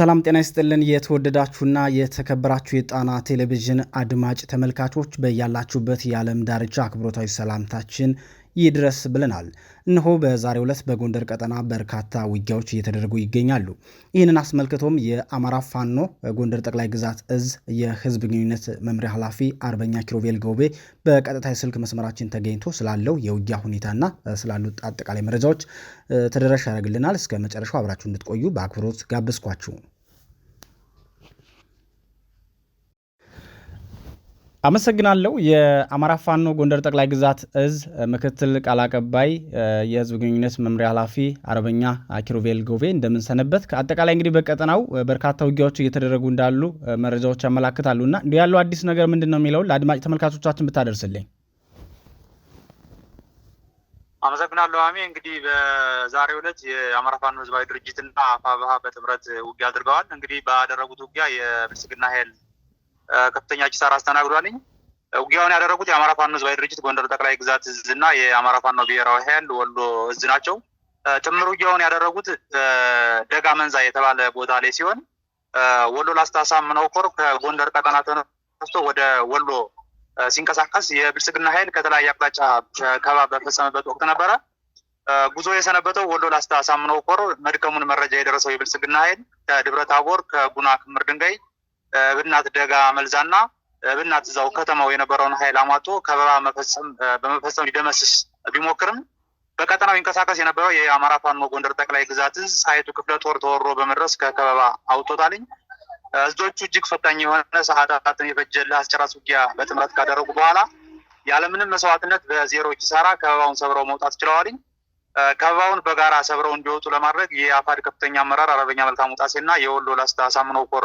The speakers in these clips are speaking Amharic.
ሰላም ጤና ይስጥልን። የተወደዳችሁና የተከበራችሁ የጣና ቴሌቪዥን አድማጭ ተመልካቾች በያላችሁበት የዓለም ዳርቻ አክብሮታዊ ሰላምታችን ይድረስ ብለናል። እነሆ በዛሬው ዕለት በጎንደር ቀጠና በርካታ ውጊያዎች እየተደረጉ ይገኛሉ። ይህንን አስመልክቶም የአማራ ፋኖ ጎንደር ጠቅላይ ግዛት እዝ የህዝብ ግንኙነት መምሪያ ኃላፊ አርበኛ ኪሮቤል ገውቤ በቀጥታ የስልክ መስመራችን ተገኝቶ ስላለው የውጊያ ሁኔታና ስላሉት አጠቃላይ መረጃዎች ተደራሽ ያደርግልናል። እስከ መጨረሻው አብራችሁ እንድትቆዩ በአክብሮት ጋብዝኳችሁ። አመሰግናለሁ። የአማራ ፋኖ ጎንደር ጠቅላይ ግዛት እዝ ምክትል ቃል አቀባይ የህዝብ ግንኙነት መምሪያ ኃላፊ አርበኛ አኪሩቬል ጎቤ እንደምንሰነበት። አጠቃላይ እንግዲህ በቀጠናው በርካታ ውጊያዎች እየተደረጉ እንዳሉ መረጃዎች ያመላክታሉ እና እንዲ ያለው አዲስ ነገር ምንድን ነው የሚለውን ለአድማጭ ተመልካቾቻችን ብታደርስልኝ። አመሰግናለሁ አሜ። እንግዲህ በዛሬ ዕለት የአማራ ፋኖ ህዝባዊ ድርጅትና አፋብኃ በጥምረት ውጊያ አድርገዋል። እንግዲህ ባደረጉት ውጊያ የብልጽግና ኃይል ከፍተኛ ኪሳራ አስተናግዷልኝ። ውጊያውን ያደረጉት የአማራ ፋኖ ህዝባዊ ድርጅት ጎንደር ጠቅላይ ግዛት እዝ እና የአማራ ፋኖ ብሔራዊ ኃይል ወሎ እዝ ናቸው። ጥምር ውጊያውን ያደረጉት ደጋ መንዛ የተባለ ቦታ ላይ ሲሆን ወሎ ላስታ ሳምነው ኮር ከጎንደር ቀጠና ተነስቶ ወደ ወሎ ሲንቀሳቀስ የብልጽግና ኃይል ከተለያየ አቅጣጫ ከባ በፈጸመበት ወቅት ነበረ። ጉዞ የሰነበተው ወሎ ላስታ ሳምነው ኮር መድከሙን መረጃ የደረሰው የብልጽግና ኃይል ከደብረ ታቦር ከጉና ክምር ድንጋይ ብናት ደጋ መልዛና ብናት እዛው ከተማው የነበረውን ኃይል አሟጦ ከበባ በመፈጸም ሊደመስስ ቢሞክርም በቀጠናው ይንቀሳቀስ የነበረው የአማራ ፋኖ ጎንደር ጠቅላይ ግዛት እዝ ሳይቱ ክፍለ ጦር ተወሮ በመድረስ ከከበባ አውጦታልኝ። እዞቹ እጅግ ፈታኝ የሆነ ሰዓታትን የፈጀ አስጨራሽ ውጊያ በጥምረት ካደረጉ በኋላ ያለምንም መስዋዕትነት በዜሮ ኪሳራ ከበባውን ሰብረው መውጣት ችለዋልኝ። ከበባውን በጋራ ሰብረው እንዲወጡ ለማድረግ የአፋድ ከፍተኛ አመራር አረበኛ መልካሙ ጣሴና የወሎ ላስታ ሳምኖ ኮር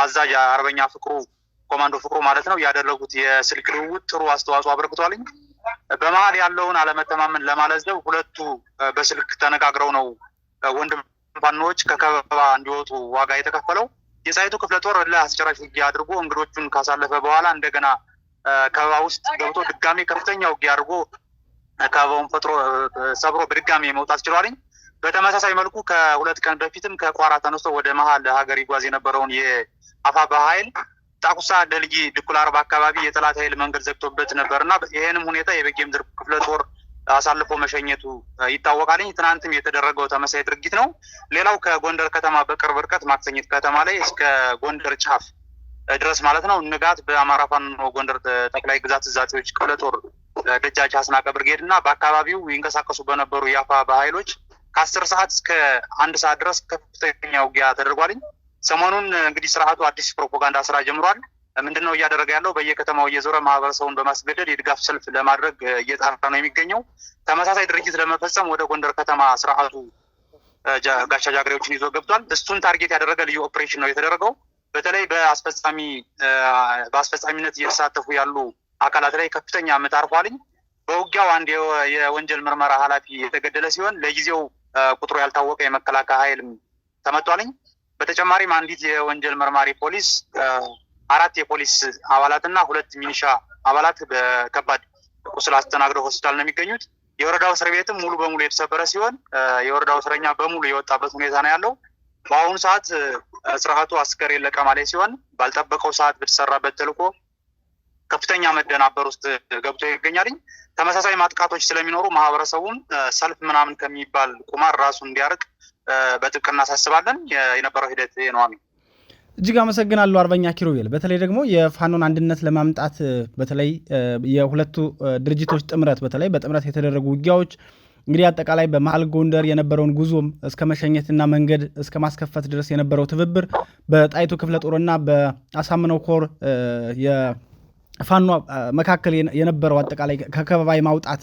አዛዥ አርበኛ ፍቅሩ ኮማንዶ ፍቅሩ ማለት ነው ያደረጉት የስልክ ልውውጥ ጥሩ አስተዋጽኦ አበርክቷልኝ። በመሀል ያለውን አለመተማመን ለማለዘብ ሁለቱ በስልክ ተነጋግረው ነው ወንድም ፋኖዎች ከከበባ እንዲወጡ ዋጋ የተከፈለው። የሳይቱ ክፍለ ጦር ለአስጨራሽ ውጊያ አድርጎ እንግዶቹን ካሳለፈ በኋላ እንደገና ከበባ ውስጥ ገብቶ ድጋሜ ከፍተኛ ውጊያ አድርጎ ከበባውን ፈጥሮ ሰብሮ በድጋሜ መውጣት ችሏልኝ። በተመሳሳይ መልኩ ከሁለት ቀን በፊትም ከቋራ ተነስቶ ወደ መሀል ሀገር ይጓዝ የነበረውን የአፋባ ኃይል ጣቁሳ ደልጊ ድኩል አርባ አካባቢ የጠላት ኃይል መንገድ ዘግቶበት ነበርና ይህንም ሁኔታ የበጌ ምድር ክፍለ ጦር አሳልፎ መሸኘቱ ይታወቃል ትናንትም የተደረገው ተመሳሳይ ድርጊት ነው። ሌላው ከጎንደር ከተማ በቅርብ ርቀት ማክሰኝት ከተማ ላይ እስከ ጎንደር ጫፍ ድረስ ማለት ነው ንጋት በአማራ ፋኖ ጎንደር ጠቅላይ ግዛት እዛጤዎች ክፍለ ጦር ደጃች አስናቀ ብርጌድ እና በአካባቢው ይንቀሳቀሱ በነበሩ የአፋ ኃይሎች ከአስር ሰዓት እስከ አንድ ሰዓት ድረስ ከፍተኛ ውጊያ ተደርጓልኝ። ሰሞኑን እንግዲህ ስርዓቱ አዲስ ፕሮፓጋንዳ ስራ ጀምሯል። ምንድን ነው እያደረገ ያለው? በየከተማው እየዞረ ማህበረሰቡን በማስገደድ የድጋፍ ሰልፍ ለማድረግ እየጣራ ነው የሚገኘው። ተመሳሳይ ድርጊት ለመፈጸም ወደ ጎንደር ከተማ ስርዓቱ ጋሻ ጃግሬዎችን ይዞ ገብቷል። እሱን ታርጌት ያደረገ ልዩ ኦፕሬሽን ነው የተደረገው። በተለይ በአስፈጻሚ በአስፈጻሚነት እየተሳተፉ ያሉ አካላት ላይ ከፍተኛ ምት አርፏልኝ። በውጊያው አንድ የወንጀል ምርመራ ኃላፊ የተገደለ ሲሆን ለጊዜው ቁጥሩ ያልታወቀ የመከላከያ ኃይልም ተመቷልኝ። በተጨማሪም አንዲት የወንጀል መርማሪ ፖሊስ፣ አራት የፖሊስ አባላት እና ሁለት ሚኒሻ አባላት በከባድ ቁስል አስተናግደው ሆስፒታል ነው የሚገኙት። የወረዳው እስር ቤትም ሙሉ በሙሉ የተሰበረ ሲሆን የወረዳው እስረኛ በሙሉ የወጣበት ሁኔታ ነው ያለው። በአሁኑ ሰዓት ስርዓቱ አስከሬን ለቀማ ላይ ሲሆን ባልጠበቀው ሰዓት በተሰራበት ተልዕኮ ከፍተኛ መደናበር ውስጥ ገብቶ ይገኛልኝ። ተመሳሳይ ማጥቃቶች ስለሚኖሩ ማህበረሰቡም ሰልፍ ምናምን ከሚባል ቁማር ራሱ እንዲያርቅ በጥብቅ እናሳስባለን። የነበረው ሂደት ነው። እጅግ አመሰግናለሁ አርበኛ ኪሩቤል። በተለይ ደግሞ የፋኖን አንድነት ለማምጣት በተለይ የሁለቱ ድርጅቶች ጥምረት በተለይ በጥምረት የተደረጉ ውጊያዎች እንግዲህ አጠቃላይ በመሀል ጎንደር የነበረውን ጉዞም እስከ መሸኘትና መንገድ እስከ ማስከፈት ድረስ የነበረው ትብብር በጣይቱ ክፍለ ጦርና በአሳምነው ኮር ፋኖ መካከል የነበረው አጠቃላይ ከከበባ የማውጣት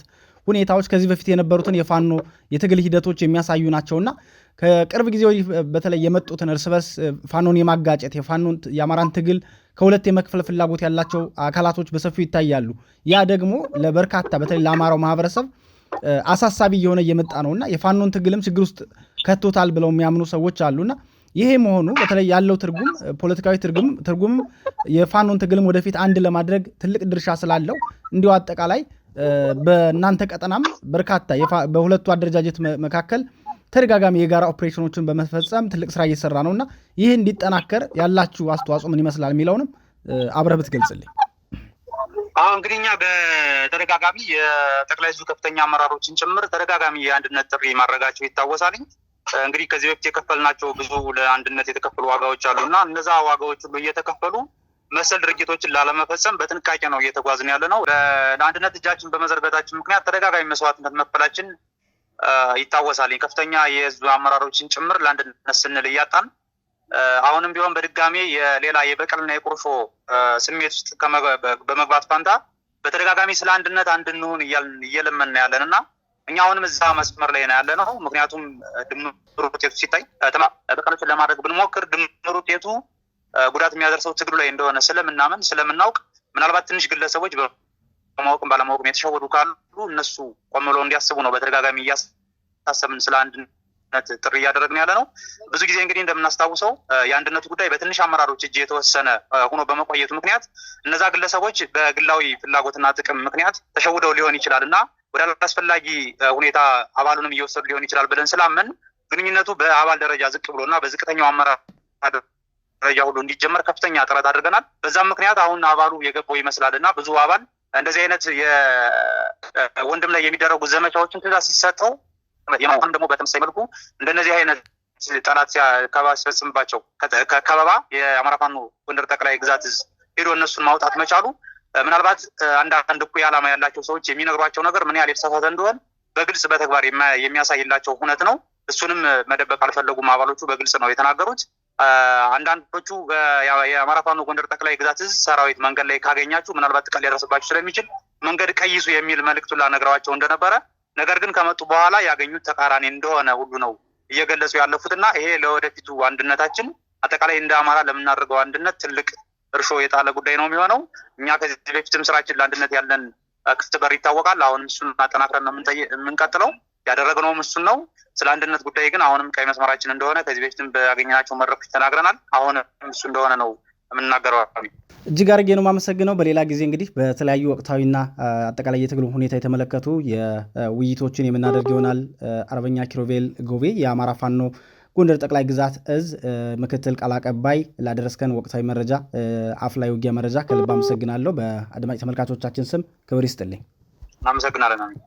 ሁኔታዎች ከዚህ በፊት የነበሩትን የፋኖ የትግል ሂደቶች የሚያሳዩ ናቸውና ከቅርብ ጊዜ ወዲህ በተለይ የመጡትን እርስ በርስ ፋኖን የማጋጨት የፋኖን የአማራን ትግል ከሁለት የመክፈል ፍላጎት ያላቸው አካላቶች በሰፊው ይታያሉ። ያ ደግሞ ለበርካታ በተለይ ለአማራው ማህበረሰብ አሳሳቢ እየሆነ እየመጣ ነውና የፋኖን ትግልም ችግር ውስጥ ከቶታል ብለው የሚያምኑ ሰዎች አሉና ይሄ መሆኑ በተለይ ያለው ትርጉም ፖለቲካዊ ትርጉም ትርጉም የፋኖን ትግልም ወደፊት አንድ ለማድረግ ትልቅ ድርሻ ስላለው እንዲሁ አጠቃላይ በእናንተ ቀጠናም በርካታ በሁለቱ አደረጃጀት መካከል ተደጋጋሚ የጋራ ኦፕሬሽኖችን በመፈጸም ትልቅ ስራ እየሰራ ነው እና ይህ እንዲጠናከር ያላችሁ አስተዋጽኦ ምን ይመስላል የሚለውንም አብረህ ብትገልጽልኝ። አሁ እንግዲህ እኛ በተደጋጋሚ የጠቅላይ ዕዙ ከፍተኛ አመራሮችን ጭምር ተደጋጋሚ የአንድነት ጥሪ ማድረጋቸው ይታወሳልኝ እንግዲህ ከዚህ በፊት የከፈልናቸው ብዙ ለአንድነት የተከፈሉ ዋጋዎች አሉ እና እነዛ ዋጋዎች ሁሉ እየተከፈሉ መሰል ድርጊቶችን ላለመፈጸም በጥንቃቄ ነው እየተጓዝን ያለ ነው። ለአንድነት እጃችን በመዘርጋታችን ምክንያት ተደጋጋሚ መስዋዕትነት መክፈላችን ይታወሳል። ከፍተኛ የህዝብ አመራሮችን ጭምር ለአንድነት ስንል እያጣን አሁንም ቢሆን በድጋሜ የሌላ የበቀልና የቁርሾ ስሜት ውስጥ በመግባት ፋንታ በተደጋጋሚ ስለ አንድነት አንድ እንሁን እየለመን ያለን እና እኛ አሁንም እዛ መስመር ላይ ነው ያለ ነው። ምክንያቱም ድምር ውጤቱ ሲታይ በቀሎችን ለማድረግ ብንሞክር ድምር ውጤቱ ጉዳት የሚያደርሰው ትግሉ ላይ እንደሆነ ስለምናምን ስለምናውቅ፣ ምናልባት ትንሽ ግለሰቦች በማወቅም ባለማወቅም የተሸወዱ ካሉ እነሱ ቆም ብለው እንዲያስቡ ነው በተደጋጋሚ እያሳሰብን ስለ አንድነት ጥሪ እያደረግን ያለ ነው። ብዙ ጊዜ እንግዲህ እንደምናስታውሰው የአንድነቱ ጉዳይ በትንሽ አመራሮች እጅ የተወሰነ ሆኖ በመቆየቱ ምክንያት እነዛ ግለሰቦች በግላዊ ፍላጎትና ጥቅም ምክንያት ተሸውደው ሊሆን ይችላል እና ወደ አላስፈላጊ ሁኔታ አባሉንም እየወሰዱ ሊሆን ይችላል ብለን ስላምን ግንኙነቱ በአባል ደረጃ ዝቅ ብሎና በዝቅተኛው አመራር ደረጃ ሁሉ እንዲጀመር ከፍተኛ ጥረት አድርገናል። በዛም ምክንያት አሁን አባሉ የገባው ይመስላል እና ብዙ አባል እንደዚህ አይነት ወንድም ላይ የሚደረጉ ዘመቻዎችን ትዕዛዝ ሲሰጠው የማን ደግሞ በተመሳሳይ መልኩ እንደነዚህ አይነት ጠላት ከበባ ሲፈጽምባቸው ከበባ የአማራ ፋኖ ጎንደር ጠቅላይ ግዛት ሄዶ እነሱን ማውጣት መቻሉ ምናልባት አንዳንድ እኩይ ዓላማ ያላቸው ሰዎች የሚነግሯቸው ነገር ምን ያህል የተሳሳተ እንደሆን በግልጽ በተግባር የሚያሳይላቸው ሁነት ነው። እሱንም መደበቅ አልፈለጉም። አባሎቹ በግልጽ ነው የተናገሩት። አንዳንዶቹ የአማራ ፋኖ ጎንደር ጠቅላይ ግዛት እዝ ሰራዊት መንገድ ላይ ካገኛችሁ ምናልባት ጥቃት ሊያደርስባችሁ ስለሚችል መንገድ ቀይሱ የሚል መልእክቱን ላነግረዋቸው እንደነበረ፣ ነገር ግን ከመጡ በኋላ ያገኙት ተቃራኒ እንደሆነ ሁሉ ነው እየገለጹ ያለፉት እና ይሄ ለወደፊቱ አንድነታችን አጠቃላይ እንደ አማራ ለምናደርገው አንድነት ትልቅ እርሾ የጣለ ጉዳይ ነው የሚሆነው። እኛ ከዚህ በፊትም ስራችን ለአንድነት ያለን ክፍት በር ይታወቃል። አሁንም እሱን አጠናክረን ነው የምንቀጥለው። ያደረግነውም እሱን ነው። ስለ አንድነት ጉዳይ ግን አሁንም ቀይ መስመራችን እንደሆነ ከዚህ በፊትም በያገኘናቸው መድረኮች ተናግረናል። አሁንም እሱ እንደሆነ ነው የምናገረው። እጅግ አድርጌ ነው የማመሰግነው። በሌላ ጊዜ እንግዲህ በተለያዩ ወቅታዊና አጠቃላይ የትግሉ ሁኔታ የተመለከቱ ውይይቶችን የምናደርግ ይሆናል። አርበኛ ኪሮቤል ጎቤ የአማራ ፋኖ ጎንደር ጠቅላይ ግዛት እዝ ምክትል ቃል አቀባይ ላደረስከን ወቅታዊ መረጃ፣ አፍላይ ውጊያ መረጃ ከልብ አመሰግናለሁ። በአድማጭ ተመልካቾቻችን ስም ክብር ይስጥልኝ። አመሰግናለን።